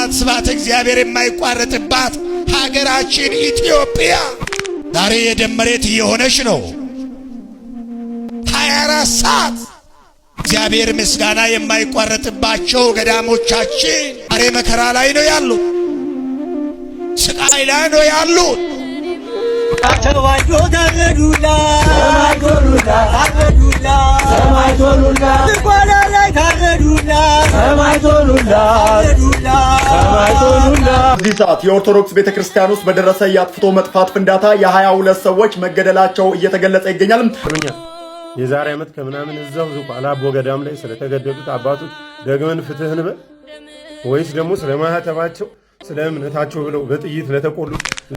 ስብሐት ስብሐት እግዚአብሔር የማይቋረጥባት ሀገራችን ኢትዮጵያ ዛሬ የደመሬት እየሆነች ነው። 24 ሰዓት እግዚአብሔር ምስጋና የማይቋረጥባቸው ገዳሞቻችን አሬ መከራ ላይ ነው ያሉት፣ ስቃይ ላይ ነው ያሉት። ሰማይ ቶሉላ እዚህ ሰዓት የኦርቶዶክስ ቤተ ክርስቲያን ውስጥ በደረሰ የአጥፍቶ መጥፋት ፍንዳታ የ22 ሰዎች መገደላቸው እየተገለጸ ይገኛል። የዛሬ ዓመት ከምናምን እዛው ዝቋላ አቦ ገዳም ላይ ስለተገደሉት አባቶች ደግመን ፍትህን በል ወይስ ደግሞ ስለ ማህተባቸው ስለ እምነታቸው ብለው በጥይት ለተቆሉ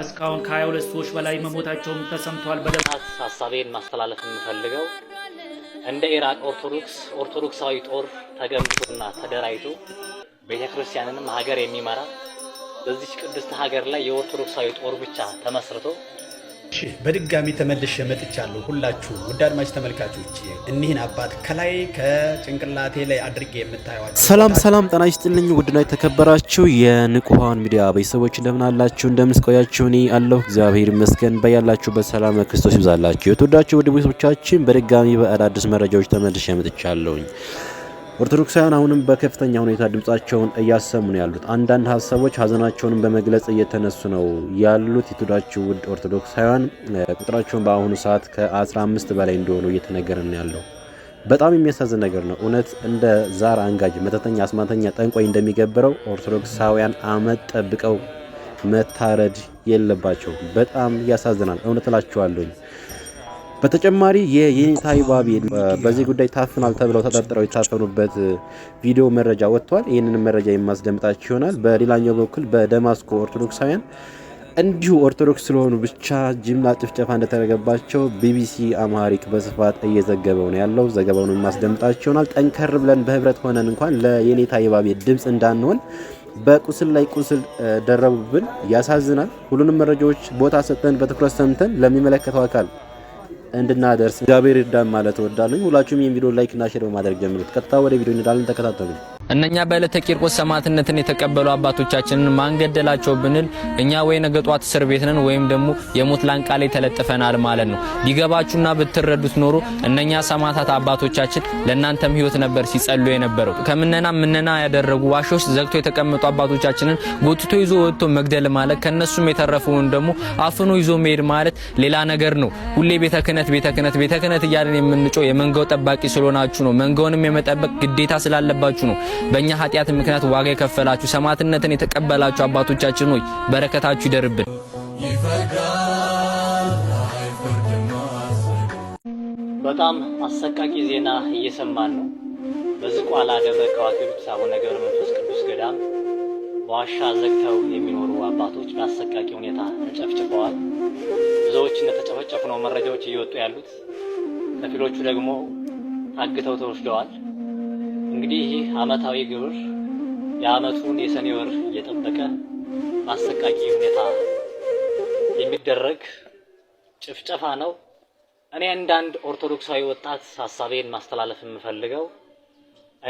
እስካሁን ከ22 ሰዎች በላይ መሞታቸውም ተሰምቷል። በደምብ ሀሳቤን ማስተላለፍ የምፈልገው እንደ ኢራቅ ኦርቶዶክስ ኦርቶዶክሳዊ ጦር ተገምቶና ተደራጅቶ ቤተ ክርስቲያንንም ሀገር የሚመራ በዚች ቅድስት ሀገር ላይ የኦርቶዶክሳዊ ጦር ብቻ ተመስርቶ በድጋሚ ተመልሼ መጥቻለሁ። ሁላችሁ ውድ አድማጭ ተመልካቾች እኒህን አባት ከላይ ከጭንቅላቴ ላይ አድርጌ የምታዩዋቸው። ሰላም ሰላም፣ ጤና ይስጥልኝ። ውድና የተከበራችሁ የንቁሃን ሚዲያ ቤተሰቦች እንደምን አላችሁ? እንደምን ስቆያችሁ? እኔ አለሁ እግዚአብሔር ይመስገን። በያላችሁበት ሰላም ክርስቶስ ይብዛላችሁ። የተወዳችሁ ውድ ቤተሰቦቻችን በድጋሚ በአዳዲስ መረጃዎች ተመልሼ መጥቻለሁኝ። ኦርቶዶክሳውያን አሁንም በከፍተኛ ሁኔታ ድምፃቸውን እያሰሙ ነው ያሉት። አንዳንድ ሀሳቦች ሀዘናቸውን በመግለጽ እየተነሱ ነው ያሉት። የትውዳችሁ ውድ ኦርቶዶክሳውያን ቁጥራቸውን በአሁኑ ሰዓት ከ15 በላይ እንደሆኑ እየተነገረ ነው ያለው። በጣም የሚያሳዝን ነገር ነው። እውነት እንደ ዛር አንጋጅ፣ መተተኛ፣ አስማተኛ፣ ጠንቋይ እንደሚገብረው ኦርቶዶክሳውያን አመት ጠብቀው መታረድ የለባቸው። በጣም ያሳዝናል። እውነት እላችኋለሁኝ። በተጨማሪ የየኔታ ይባቤ በዚህ ጉዳይ ታፍናል ተብለው ተጠርጥረው የታፈኑበት ቪዲዮ መረጃ ወጥቷል። ይህንን መረጃ የማስደምጣችሁ ይሆናል። በሌላኛው በኩል በደማስቆ ኦርቶዶክሳውያን እንዲሁ ኦርቶዶክስ ስለሆኑ ብቻ ጅምላ ጭፍጨፋ እንደተደረገባቸው ቢቢሲ አማሪክ በስፋት እየዘገበው ነው ያለው። ዘገባውን የማስደምጣችሁ ይሆናል። ጠንከር ብለን በህብረት ሆነን እንኳን ለየኔታ ይባቤ ድምፅ እንዳንሆን በቁስል ላይ ቁስል ደረቡብን። ያሳዝናል። ሁሉንም መረጃዎች ቦታ ሰጥተን በትኩረት ሰምተን ለሚመለከተው አካል እንድናደርስ እግዚአብሔር ይርዳን ማለት እወዳለሁ። ሁላችሁም ይህን ቪዲዮ ላይክ እና ሼር በማድረግ ጀምሩት። ቀጥታ ወደ ቪዲዮ እንዳለን ተከታተሉ። እነኛ በዕለተ ቂርቆስ ሰማዕትነትን የተቀበሉ አባቶቻችንን ማንገደላቸው ብንል እኛ ወይ ነገ ጧት እስር ቤት ነን ወይም ደግሞ የሞት ላንቃ ላይ ተለጥፈናል ማለት ነው። ቢገባችሁና ብትረዱት ኖሮ እነኛ ሰማዕታት አባቶቻችን ለእናንተም ህይወት ነበር ሲጸሉ የነበረው። ከምነና ምነና ያደረጉ ዋሾች ዘግቶ የተቀመጡ አባቶቻችንን ጎትቶ ይዞ ወጥቶ መግደል ማለት ከነሱም የተረፈውን ደግሞ አፍኖ ይዞ መሄድ ማለት ሌላ ነገር ነው። ሁሌ ቤተ ክህነት ቤተ ክህነት ቤተ ክህነት እያለን የመንጋው ጠባቂ ስለሆናችሁ ነው። መንጋውንም የመጠበቅ ግዴታ ስላለባችሁ ነው። በእኛ ኃጢአት ምክንያት ዋጋ የከፈላችሁ ሰማዕትነትን የተቀበላችሁ አባቶቻችን ሆይ በረከታችሁ ይደርብን። በጣም አሰቃቂ ዜና እየሰማን ነው። በዝቋላ ደብረ ከዋክብት አቡነ ገብረ መንፈስ ቅዱስ ገዳም በዋሻ ዘግተው የሚኖሩ አባቶች በአሰቃቂ ሁኔታ ተጨፍጭፈዋል። ብዙዎች እንደተጨፈጨፉ ነው መረጃዎች እየወጡ ያሉት። ከፊሎቹ ደግሞ አግተው ተወስደዋል። እንግዲህ ይህ ዓመታዊ ግብር የዓመቱን የሰኔ ወር እየጠበቀ በአሰቃቂ ሁኔታ የሚደረግ ጭፍጨፋ ነው። እኔ እንዳንድ ኦርቶዶክሳዊ ወጣት ሀሳቤን ማስተላለፍ የምፈልገው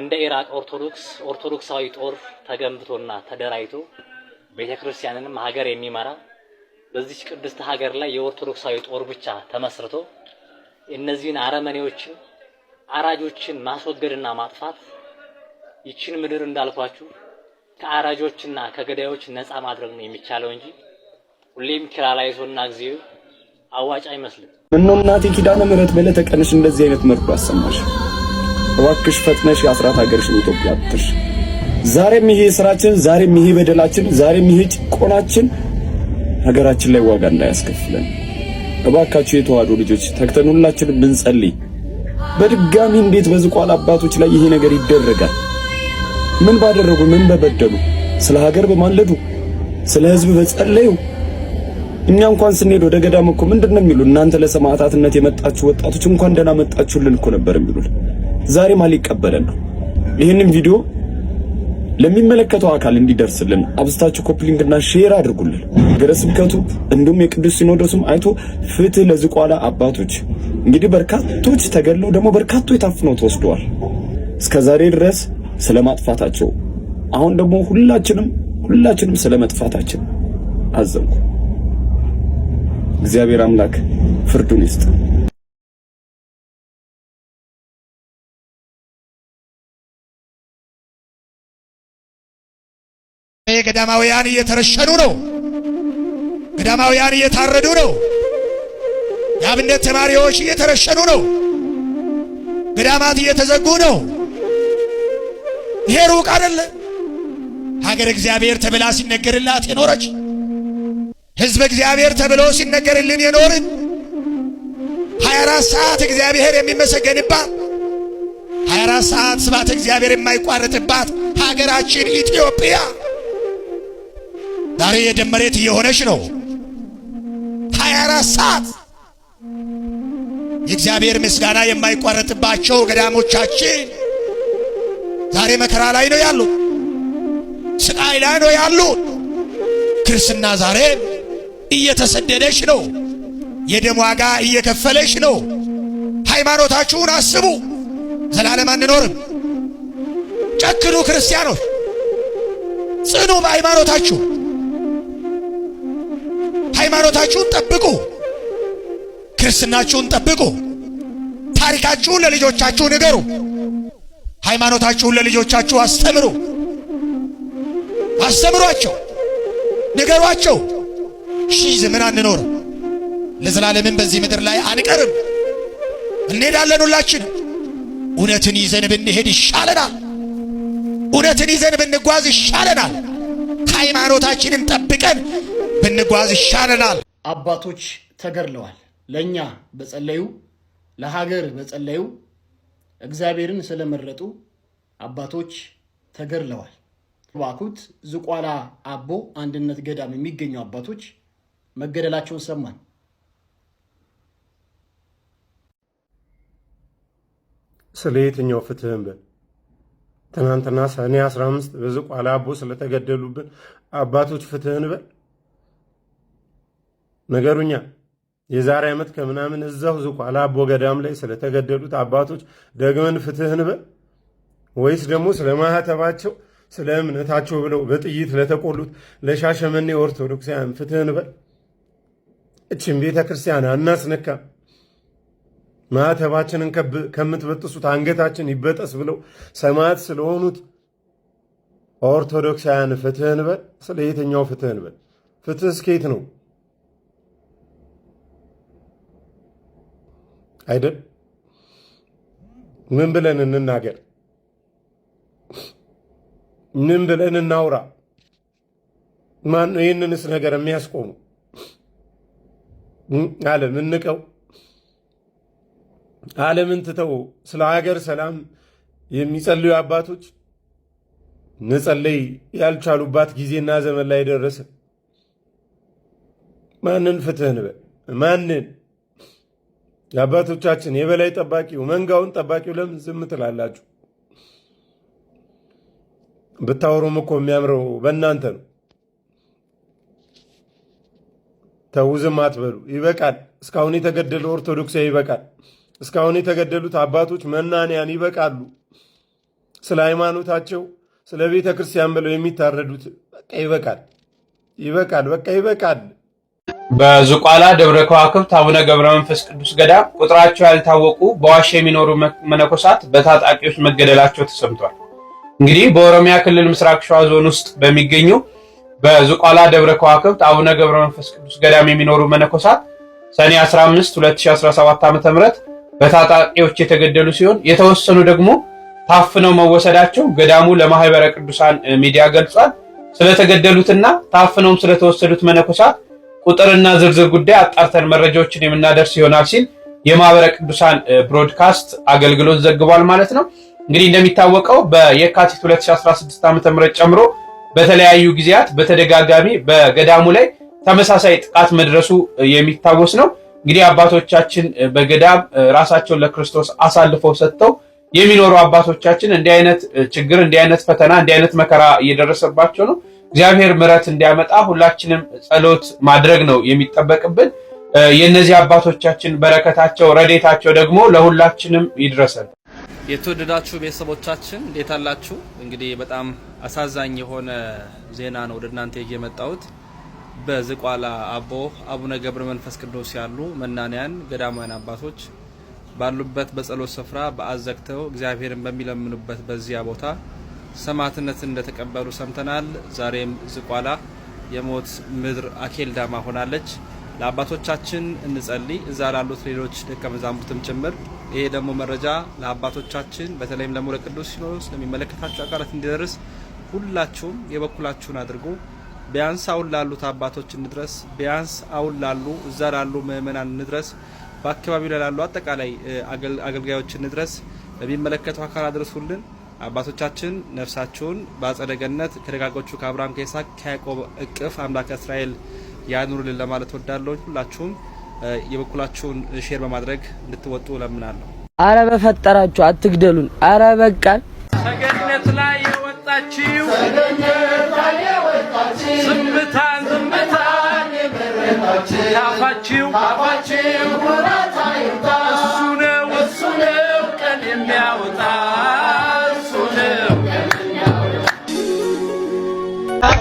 እንደ ኢራቅ ኦርቶዶክስ ኦርቶዶክሳዊ ጦር ተገንብቶና ተደራጅቶ ቤተክርስቲያንንም ሀገር የሚመራ በዚች ቅድስት ሀገር ላይ የኦርቶዶክሳዊ ጦር ብቻ ተመስርቶ እነዚህን አረመኔዎችን አራጆችን ማስወገድና ማጥፋት ይችን ምድር እንዳልኳችሁ ከአራጆችና ከገዳዮች ነፃ ማድረግ ነው የሚቻለው እንጂ ሁሌም ኪራላይሶና ጊዜው አዋጭ አይመስልም። ምነው እናቴ ኪዳነ ምሕረት በዕለተ ቀንሽ እንደዚህ አይነት መርዶ አሰማሽ? እባክሽ ፈጥነሽ የአስራት ሀገርሽን ኢትዮጵያ ትርሽ። ዛሬም ይሄ ስራችን፣ ዛሬም ይሄ በደላችን፣ ዛሬም ይሄ ጭቆናችን ሀገራችን ላይ ዋጋ እንዳያስከፍለን እባካችሁ የተዋሕዶ ልጆች ተግተን ሁላችን ብንጸልይ። በድጋሚ እንዴት በዝቋላ አባቶች ላይ ይሄ ነገር ይደረጋል? ምን ባደረጉ? ምን በበደሉ? ስለ ሀገር በማለዱ ስለ ህዝብ በጸለዩ እኛ እንኳን ስንሄድ ወደ ገዳም እኮ ምንድን ነው የሚሉ እናንተ ለሰማዕታትነት የመጣችሁ ወጣቶች እንኳን ደህና መጣችሁልን እኮ ነበር የሚሉት። ዛሬ ማን ይቀበለን ነው? ይህንን ቪዲዮ ለሚመለከተው አካል እንዲደርስልን አብስታችሁ ኮፕሊንግ እና ሼር አድርጉልን። ሀገረ ስብከቱ እንዲሁም የቅዱስ ሲኖዶስም አይቶ ፍትህ ለዝቋላ አባቶች። እንግዲህ በርካቶች ተገድለው ደግሞ በርካቶች ታፍነው ተወስደዋል እስከዛሬ ድረስ ስለ ማጥፋታቸው፣ አሁን ደግሞ ሁላችንም ሁላችንም ስለ መጥፋታችን አዘንኩ። እግዚአብሔር አምላክ ፍርዱን ይስጥ። ገዳማውያን እየተረሸኑ ነው። ገዳማውያን እየታረዱ ነው። የአብነት ተማሪዎች እየተረሸኑ ነው። ገዳማት እየተዘጉ ነው። ይሄ ሩቅ አይደለ። ሀገር እግዚአብሔር ተብላ ሲነገርላት የኖረች ሕዝብ እግዚአብሔር ተብሎ ሲነገርልን የኖርን 24 ሰዓት እግዚአብሔር የሚመሰገንባት 24 ሰዓት ስባት እግዚአብሔር የማይቋረጥባት ሀገራችን ኢትዮጵያ ዛሬ የደመሬት እየሆነች ነው። 24 ሰዓት የእግዚአብሔር ምስጋና የማይቋረጥባቸው ገዳሞቻችን ዛሬ መከራ ላይ ነው ያሉት፣ ስቃይ ላይ ነው ያሉት። ክርስትና ዛሬ እየተሰደደች ነው። የደም ዋጋ እየከፈለች ነው። ሃይማኖታችሁን አስቡ። ዘላለም አንኖርም። ጨክኑ ክርስቲያኖች፣ ጽኑ በሃይማኖታችሁ። ሃይማኖታችሁን ጠብቁ፣ ክርስትናችሁን ጠብቁ። ታሪካችሁን ለልጆቻችሁ ንገሩ። ሃይማኖታችሁን ለልጆቻችሁ አስተምሩ፣ አስተምሯቸው፣ ንገሯቸው። ሺህ ዘመን አንኖርም፣ ለዘላለምን በዚህ ምድር ላይ አንቀርም፣ እንሄዳለን። ሁላችን እውነትን ይዘን ብንሄድ ይሻለናል። እውነትን ይዘን ብንጓዝ ይሻለናል። ሃይማኖታችንን ጠብቀን ብንጓዝ ይሻለናል። አባቶች ተገድለዋል። ለእኛ በጸለዩ ለሀገር በጸለዩ እግዚአብሔርን ስለመረጡ አባቶች ተገድለዋል። ባኩት ዝቋላ አቦ አንድነት ገዳም የሚገኙ አባቶች መገደላቸውን ሰማን። ስለ የትኛው ፍትህም ትናንትና ሰኔ 15 በዝቋላ አቦ ስለተገደሉብን አባቶች ፍትህን በል ነገሩኛ የዛሬ ዓመት ከምናምን እዛው ዝቋላ አቦ ገዳም ላይ ስለተገደሉት አባቶች ደግመን ፍትህን በል ወይስ ደግሞ ስለ ማህተባቸው ስለ እምነታቸው ብለው በጥይት ለተቆሉት ለሻሸመኔ ኦርቶዶክሳውያን ፍትህን በል። እችን ቤተ ክርስቲያን አናስነካ፣ ማህተባችንን ከምትበጥሱት አንገታችን ይበጠስ ብለው ሰማዕት ስለሆኑት ኦርቶዶክሳውያን ፍትህን በል። ስለ የትኛው ፍትህን በል? ፍትህ እስከ ነው? አይደል? ምን ብለን እንናገር? ምን ብለን እናውራ? ማን ነው ይህንንስ ነገር የሚያስቆሙ? ዓለም እንቀው፣ ዓለምን ትተው ስለ ሀገር ሰላም የሚጸልዩ አባቶች መጸለይ ያልቻሉባት ጊዜና ዘመን ላይ ደረሰ። ማንን ፍትህ ንበል? ማንን አባቶቻችን የበላይ ጠባቂው መንጋውን ጠባቂው ለምን ዝም ትላላችሁ? ብታወሩም እኮ የሚያምረው በእናንተ ነው። ተው ዝም አትበሉ። ይበቃል። እስካሁን የተገደሉ ኦርቶዶክሳዊ ይበቃል። እስካሁን የተገደሉት አባቶች መናንያን ይበቃሉ። ስለ ሃይማኖታቸው፣ ስለ ቤተ ክርስቲያን ብለው የሚታረዱት በቃ ይበቃል፣ ይበቃል፣ በቃ ይበቃል። በዝቋላ ደብረ ከዋክብት አቡነ ገብረ መንፈስ ቅዱስ ገዳም ቁጥራቸው ያልታወቁ በዋሻ የሚኖሩ መነኮሳት በታጣቂዎች መገደላቸው ተሰምቷል። እንግዲህ በኦሮሚያ ክልል ምስራቅ ሸዋ ዞን ውስጥ በሚገኙ በዝቋላ ደብረ ከዋክብት አቡነ ገብረ መንፈስ ቅዱስ ገዳም የሚኖሩ መነኮሳት ሰኔ 15 2017 ዓ.ም በታጣቂዎች የተገደሉ ሲሆን የተወሰኑ ደግሞ ታፍነው መወሰዳቸው ገዳሙ ለማህበረ ቅዱሳን ሚዲያ ገልጿል። ስለተገደሉትና ታፍነውም ስለተወሰዱት መነኮሳት ቁጥርና ዝርዝር ጉዳይ አጣርተን መረጃዎችን የምናደርስ ይሆናል ሲል የማህበረ ቅዱሳን ብሮድካስት አገልግሎት ዘግቧል ማለት ነው። እንግዲህ እንደሚታወቀው በየካቲት 2016 ዓ ም ጨምሮ በተለያዩ ጊዜያት በተደጋጋሚ በገዳሙ ላይ ተመሳሳይ ጥቃት መድረሱ የሚታወስ ነው። እንግዲህ አባቶቻችን በገዳም ራሳቸውን ለክርስቶስ አሳልፈው ሰጥተው የሚኖሩ አባቶቻችን እንዲህ አይነት ችግር፣ እንዲህ አይነት ፈተና፣ እንዲህ አይነት መከራ እየደረሰባቸው ነው። እግዚአብሔር ምሕረት እንዲያመጣ ሁላችንም ጸሎት ማድረግ ነው የሚጠበቅብን። የእነዚህ አባቶቻችን በረከታቸው፣ ረዴታቸው ደግሞ ለሁላችንም ይድረሰን። የተወደዳችሁ ቤተሰቦቻችን እንዴት አላችሁ? እንግዲህ በጣም አሳዛኝ የሆነ ዜና ነው ወደ እናንተ የመጣሁት። በዝቋላ አቦ አቡነ ገብረ መንፈስ ቅዱስ ያሉ መናንያን ገዳማውያን አባቶች ባሉበት በጸሎት ስፍራ በአዘግተው እግዚአብሔርን በሚለምኑበት በዚያ ቦታ ሰማዕትነትን እንደተቀበሉ ሰምተናል። ዛሬም ዝቋላ የሞት ምድር አኬልዳማ ሆናለች። ለአባቶቻችን እንጸልይ፣ እዛ ላሉት ሌሎች ደቀ መዛሙርትም ጭምር። ይሄ ደግሞ መረጃ ለአባቶቻችን በተለይም ለሞለ ቅዱስ ሲኖዶስ ለሚመለከታቸው አካላት እንዲደርስ ሁላችሁም የበኩላችሁን አድርጉ። ቢያንስ አሁን ላሉት አባቶች እንድረስ። ቢያንስ አሁን ላሉ እዛ ላሉ ምእመናን እንድረስ። በአካባቢው ላይ ላሉ አጠቃላይ አገልጋዮች እንድረስ። በሚመለከተው አካል አድርሱልን። አባቶቻችን ነፍሳቸውን በአጸደ ገነት ከደጋጎቹ ከአብርሃም ከይስሐቅ ከያዕቆብ እቅፍ አምላክ እስራኤል ያኑርልን ለማለት ወዳለሁ። ሁላችሁም የበኩላችሁን ሼር በማድረግ እንድትወጡ እለምናለሁ። አረ በፈጠራችሁ አትግደሉን። አረ በቃል ሰገነት ላይ የወጣችው ዝምታን ዝምታን የመረጣችሁ ታፋችሁ ታፋችሁ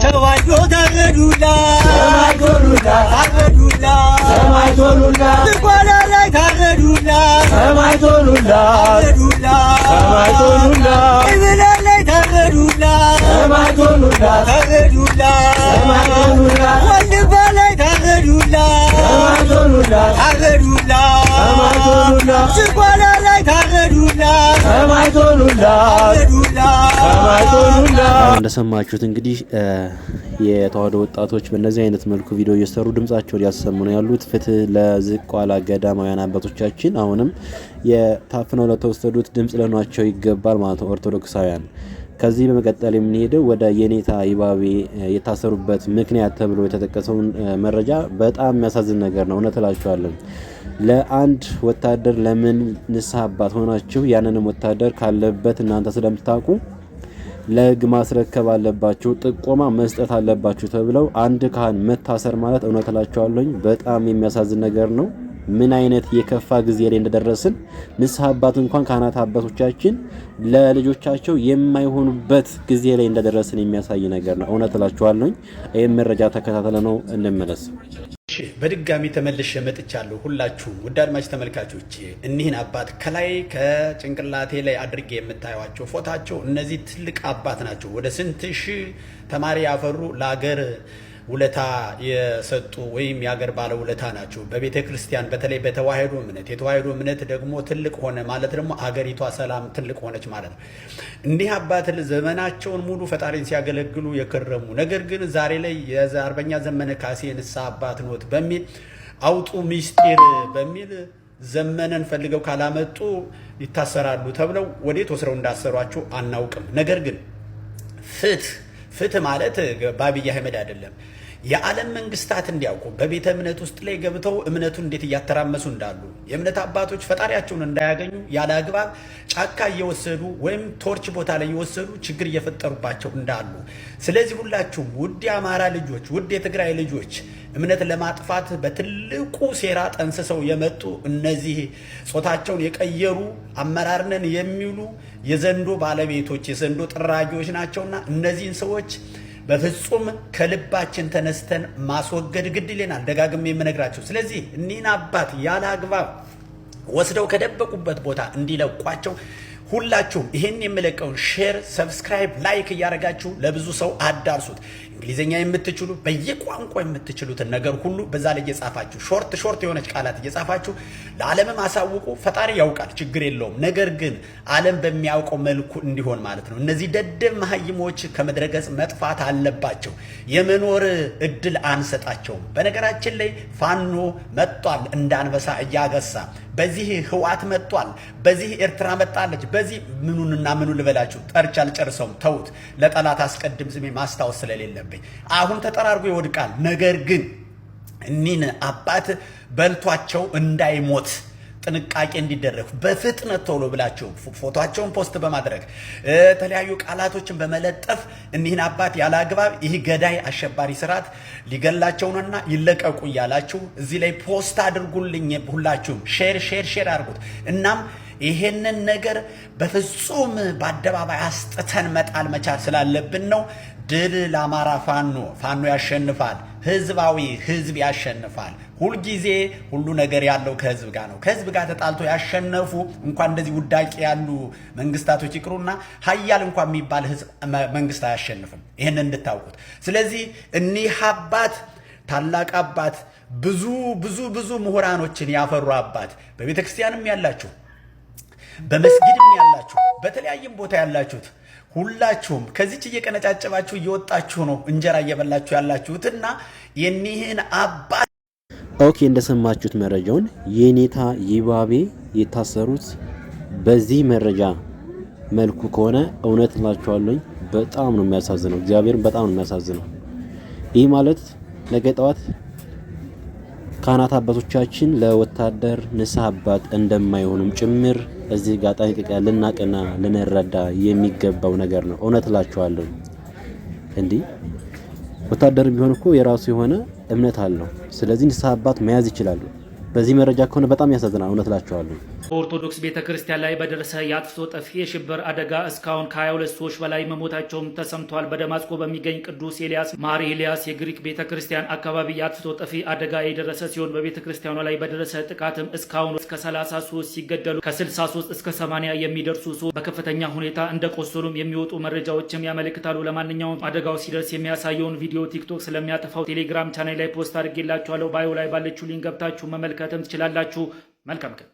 ተዋጆ ተገዱላ ተማይቶሉላ ታገዱላ ተማይቶሉላ ልጓላ ላይ ታገዱላ ተማይቶሉላ ታገዱላ ተማይቶሉላ ይብላ እንደሰማችሁት እንግዲህ የተዋህዶ ወጣቶች በእነዚህ አይነት መልኩ ቪዲዮ እየሰሩ ድምጻቸውን ያሰሙ ነው ያሉት። ፍትህ ለዝቋላ ገዳማውያን አባቶቻችን። አሁንም የታፍነው ለተወሰዱት ድምጽ ለኗቸው ይገባል ማለት ነው ኦርቶዶክሳውያን ከዚህ በመቀጠል የምንሄደው ወደ የኔታ ይባቤ የታሰሩበት ምክንያት ተብሎ የተጠቀሰውን መረጃ በጣም የሚያሳዝን ነገር ነው። እውነት እላችኋለሁ። ለአንድ ወታደር ለምን ንስሐ አባት ሆናችሁ ያንንም ወታደር ካለበት እናንተ ስለምታውቁ ለህግ ማስረከብ አለባችሁ፣ ጥቆማ መስጠት አለባችሁ ተብለው አንድ ካህን መታሰር ማለት እውነት እላቸዋለሁኝ በጣም የሚያሳዝን ነገር ነው። ምን አይነት የከፋ ጊዜ ላይ እንደደረስን ንስሐ አባት እንኳን ካህናት አባቶቻችን ለልጆቻቸው የማይሆኑበት ጊዜ ላይ እንደደረስን የሚያሳይ ነገር ነው። እውነት እላችኋለሁኝ። ይህም መረጃ ተከታተለ ነው እንመለስ በድጋሚ ተመልሼ መጥቻለሁ። ሁላችሁም ውድ አድማጭ ተመልካቾች እኒህን አባት ከላይ ከጭንቅላቴ ላይ አድርጌ የምታዩቸው ፎታቸው እነዚህ ትልቅ አባት ናቸው። ወደ ስንት ሺህ ተማሪ ያፈሩ ለአገር ውለታ የሰጡ ወይም የአገር ባለ ውለታ ናቸው። በቤተ ክርስቲያን በተለይ በተዋህዶ እምነት የተዋህዶ እምነት ደግሞ ትልቅ ሆነ ማለት ደግሞ አገሪቷ ሰላም ትልቅ ሆነች ማለት ነው። እንዲህ አባት ዘመናቸውን ሙሉ ፈጣሪን ሲያገለግሉ የከረሙ ነገር ግን ዛሬ ላይ የአርበኛ ዘመነ ካሴ ንስሐ አባት ኖት በሚል አውጡ ሚስጢር በሚል ዘመነን ፈልገው ካላመጡ ይታሰራሉ ተብለው ወዴት ወስረው እንዳሰሯቸው አናውቅም። ነገር ግን ፍትህ ፍትህ ማለት በአብይ አህመድ አይደለም። የዓለም መንግስታት እንዲያውቁ በቤተ እምነት ውስጥ ላይ ገብተው እምነቱን እንዴት እያተራመሱ እንዳሉ የእምነት አባቶች ፈጣሪያቸውን እንዳያገኙ ያለ አግባብ ጫካ እየወሰዱ ወይም ቶርች ቦታ ላይ እየወሰዱ ችግር እየፈጠሩባቸው እንዳሉ። ስለዚህ ሁላችሁም ውድ የአማራ ልጆች፣ ውድ የትግራይ ልጆች እምነት ለማጥፋት በትልቁ ሴራ ጠንስሰው የመጡ እነዚህ ጾታቸውን የቀየሩ አመራርነን የሚሉ የዘንዶ ባለቤቶች የዘንዶ ጥራጊዎች ናቸውና እነዚህን ሰዎች በፍጹም ከልባችን ተነስተን ማስወገድ ግድ ይለናል። ደጋግሜ የምነግራቸው። ስለዚህ እኒህን አባት ያለ አግባብ ወስደው ከደበቁበት ቦታ እንዲለቋቸው ሁላችሁም ይህን የምለቀውን ሼር፣ ሰብስክራይብ፣ ላይክ እያደረጋችሁ ለብዙ ሰው አዳርሱት። እንግሊዝኛ የምትችሉ በየቋንቋ የምትችሉትን ነገር ሁሉ በዛ ላይ እየጻፋችሁ ሾርት ሾርት የሆነች ቃላት እየጻፋችሁ ለዓለምም አሳውቁ። ፈጣሪ ያውቃል፣ ችግር የለውም። ነገር ግን ዓለም በሚያውቀው መልኩ እንዲሆን ማለት ነው። እነዚህ ደደብ መሀይሞች ከምድረገጽ መጥፋት አለባቸው። የመኖር እድል አንሰጣቸውም። በነገራችን ላይ ፋኖ መጥቷል፣ እንዳንበሳ እያገሳ በዚህ ህዋት መጥቷል፣ በዚህ ኤርትራ መጣለች። በዚህ ምኑንና ምኑ ልበላችሁ? ጠርቻ አልጨርሰውም። ተውት። ለጠላት አስቀድም ዝሜ ማስታወስ ስለሌለብን አለብኝ። አሁን ተጠራርጎ ይወድቃል። ነገር ግን እኒን አባት በልቷቸው እንዳይሞት ጥንቃቄ እንዲደረግ በፍጥነት ቶሎ ብላቸው ፎቶቸውን ፖስት በማድረግ የተለያዩ ቃላቶችን በመለጠፍ እኒህን አባት ያለ አግባብ ይህ ገዳይ አሸባሪ ስርዓት ሊገላቸውንና ይለቀቁ እያላችሁ እዚህ ላይ ፖስት አድርጉልኝ። ሁላችሁም ሼር ሼር ሼር አድርጉት። እናም ይሄንን ነገር በፍጹም በአደባባይ አስጥተን መጣል መቻል ስላለብን ነው። ድል ለአማራ ፋኖ፣ ፋኖ ያሸንፋል። ህዝባዊ ህዝብ ያሸንፋል። ሁልጊዜ ሁሉ ነገር ያለው ከህዝብ ጋር ነው። ከህዝብ ጋር ተጣልቶ ያሸነፉ እንኳን እንደዚህ ውዳቂ ያሉ መንግስታቶች ይቅሩና ሀያል እንኳን የሚባል ህዝብ መንግስት አያሸንፍም። ይህን እንድታውቁት። ስለዚህ እኒህ አባት ታላቅ አባት ብዙ ብዙ ብዙ ምሁራኖችን ያፈሩ አባት በቤተ ክርስቲያንም ያላችሁ በመስጊድም ያላችሁ በተለያየም ቦታ ያላችሁት ሁላችሁም ከዚች እየቀነጫጨባችሁ እየወጣችሁ ነው እንጀራ እየበላችሁ ያላችሁትና የኒህን አባት ኦኬ፣ እንደሰማችሁት መረጃውን የኔታ ይባቤ የታሰሩት በዚህ መረጃ መልኩ ከሆነ እውነት እላችኋለኝ በጣም ነው የሚያሳዝነው። እግዚአብሔርን በጣም ነው የሚያሳዝነው። ይህ ማለት ነገ ጠዋት ካህናት አባቶቻችን ለወታደር ንስሐ አባት እንደማይሆኑም ጭምር እዚህ ጋር ጠንቅቀ ልናቅና ልንረዳ የሚገባው ነገር ነው። እውነት እላችኋለሁ እንዲህ ወታደር ቢሆን እኮ የራሱ የሆነ እምነት አለው። ስለዚህ ንስሐ አባት መያዝ ይችላሉ። በዚህ መረጃ ከሆነ በጣም ያሳዝናል። እውነት እላችኋለሁ። በኦርቶዶክስ ቤተ ክርስቲያን ላይ በደረሰ የአጥፍቶ ጠፊ የሽብር አደጋ እስካሁን ከ22 ሰዎች በላይ መሞታቸውም ተሰምቷል። በደማስቆ በሚገኝ ቅዱስ ኤልያስ ማር ኤልያስ የግሪክ ቤተ ክርስቲያን አካባቢ የአጥፍቶ ጠፊ አደጋ የደረሰ ሲሆን በቤተ ክርስቲያኗ ላይ በደረሰ ጥቃትም እስካሁን እስከ 33 ሲገደሉ ከ63 እስከ 80 የሚደርሱ ሰዎች በከፍተኛ ሁኔታ እንደቆሰሉም የሚወጡ መረጃዎችም ያመለክታሉ። ለማንኛውም አደጋው ሲደርስ የሚያሳየውን ቪዲዮ ቲክቶክ ስለሚያጠፋው ቴሌግራም ቻናል ላይ ፖስት አድርጌላችኋለሁ። ባዮ ላይ ባለችው ሊንክ ገብታችሁ መመልከትም ትችላላችሁ። መልካም ቀን።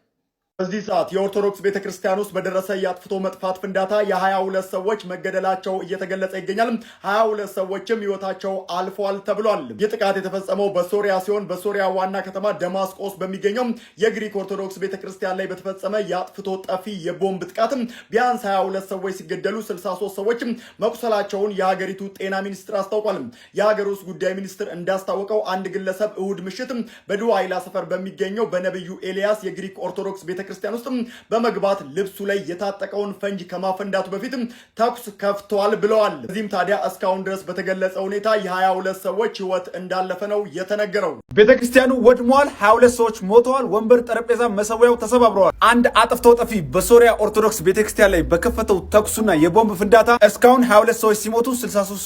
በዚህ ሰዓት የኦርቶዶክስ ቤተ ክርስቲያን ውስጥ በደረሰ የአጥፍቶ መጥፋት ፍንዳታ የ22 ሰዎች መገደላቸው እየተገለጸ ይገኛል። 22 ሰዎችም ህይወታቸው አልፏል ተብሏል። ይህ ጥቃት የተፈጸመው በሶሪያ ሲሆን በሶሪያ ዋና ከተማ ደማስቆስ በሚገኘው የግሪክ ኦርቶዶክስ ቤተ ክርስቲያን ላይ በተፈጸመ የአጥፍቶ ጠፊ የቦምብ ጥቃት ቢያንስ 22 ሰዎች ሲገደሉ 63 ሰዎች መቁሰላቸውን የሀገሪቱ ጤና ሚኒስትር አስታውቋል። የሀገር ውስጥ ጉዳይ ሚኒስትር እንዳስታወቀው አንድ ግለሰብ እሁድ ምሽት በድዋይላ ሰፈር በሚገኘው በነቢዩ ኤልያስ የግሪክ ኦርቶዶክስ ቤተ ቤተክርስቲያን ውስጥ በመግባት ልብሱ ላይ የታጠቀውን ፈንጅ ከማፈንዳቱ በፊትም ተኩስ ከፍተዋል ብለዋል። እዚህም ታዲያ እስካሁን ድረስ በተገለጸ ሁኔታ የ22 ሰዎች ህይወት እንዳለፈ ነው የተነገረው። ቤተክርስቲያኑ ወድመዋል፣ 22 ሰዎች ሞተዋል፣ ወንበር፣ ጠረጴዛ፣ መሰዊያው ተሰባብረዋል። አንድ አጥፍቶ ጠፊ በሶሪያ ኦርቶዶክስ ቤተክርስቲያን ላይ በከፈተው ተኩሱና የቦምብ ፍንዳታ እስካሁን 22 ሰዎች ሲሞቱ 63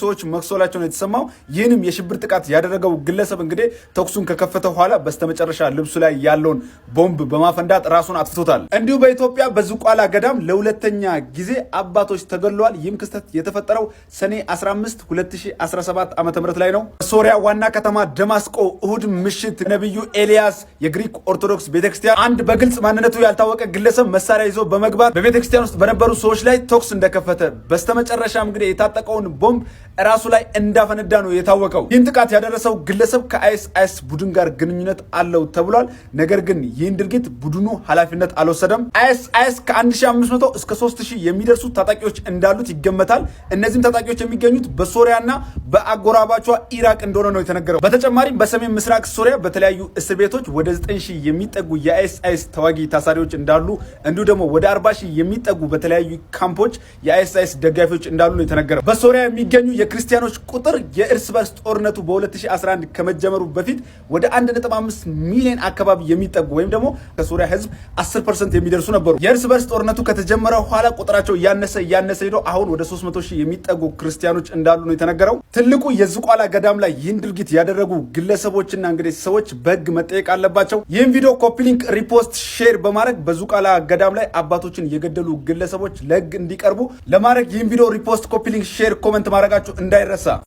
ሰዎች ነው የተሰማው ይህንም የሽብር ጥቃት ያደረገው ግለሰብ እንግዲህ ተኩሱን ከከፈተ በኋላ በስተመጨረሻ ልብሱ ላይ ያለውን ቦምብ በማፈንዳት ራሱን አጥፍ አጥፍቶታል። እንዲሁ በኢትዮጵያ በዝቋላ ገዳም ለሁለተኛ ጊዜ አባቶች ተገድለዋል። ይህም ክስተት የተፈጠረው ሰኔ 15 2017 ዓ ም ላይ ነው። ሶሪያ ዋና ከተማ ደማስቆ እሁድ ምሽት ነቢዩ ኤልያስ የግሪክ ኦርቶዶክስ ቤተክርስቲያን አንድ በግልጽ ማንነቱ ያልታወቀ ግለሰብ መሳሪያ ይዞ በመግባት በቤተክርስቲያን ውስጥ በነበሩ ሰዎች ላይ ተኩስ እንደከፈተ በስተመጨረሻም እንግዲህ የታጠቀውን ቦምብ ራሱ ላይ እንዳፈነዳ ነው የታወቀው። ይህን ጥቃት ያደረሰው ግለሰብ ከአይስ አይስ ቡድን ጋር ግንኙነት አለው ተብሏል። ነገር ግን ይህን ድርጊት ቡድኑ ኃላፊነት ኃላፊነት አልወሰደም። አይኤስአይኤስ ከ1500 እስከ 3000 የሚደርሱ ታጣቂዎች እንዳሉት ይገመታል። እነዚህም ታጣቂዎች የሚገኙት በሶሪያና በአጎራባቿ ኢራቅ እንደሆነ ነው የተነገረው። በተጨማሪም በሰሜን ምስራቅ ሶሪያ በተለያዩ እስር ቤቶች ወደ 9000 የሚጠጉ የአይኤስአይኤስ ተዋጊ ታሳሪዎች እንዳሉ እንዲሁ ደግሞ ወደ 40000 የሚጠጉ በተለያዩ ካምፖች የአይኤስአይኤስ ደጋፊዎች እንዳሉ ነው የተነገረው። በሶሪያ የሚገኙ የክርስቲያኖች ቁጥር የእርስ በርስ ጦርነቱ በ2011 ከመጀመሩ በፊት ወደ 1.5 ሚሊዮን አካባቢ የሚጠጉ ወይም ደግሞ ከሶሪያ ህዝብ 10 ፐርሰንት የሚደርሱ ነበሩ። የእርስ በርስ ጦርነቱ ከተጀመረ ኋላ ቁጥራቸው እያነሰ እያነሰ ሄዶ አሁን ወደ 300 ሺህ የሚጠጉ ክርስቲያኖች እንዳሉ ነው የተነገረው። ትልቁ የዝቋላ ገዳም ላይ ይህን ድርጊት ያደረጉ ግለሰቦችና እንግዲህ ሰዎች በህግ መጠየቅ አለባቸው። ይህን ቪዲዮ ኮፒሊንክ፣ ሪፖስት፣ ሼር በማድረግ በዝቋላ ገዳም ላይ አባቶችን የገደሉ ግለሰቦች ለህግ እንዲቀርቡ ለማድረግ ይህን ቪዲዮ ሪፖስት፣ ኮፒሊንክ፣ ሼር፣ ኮመንት ማድረጋችሁ እንዳይረሳ።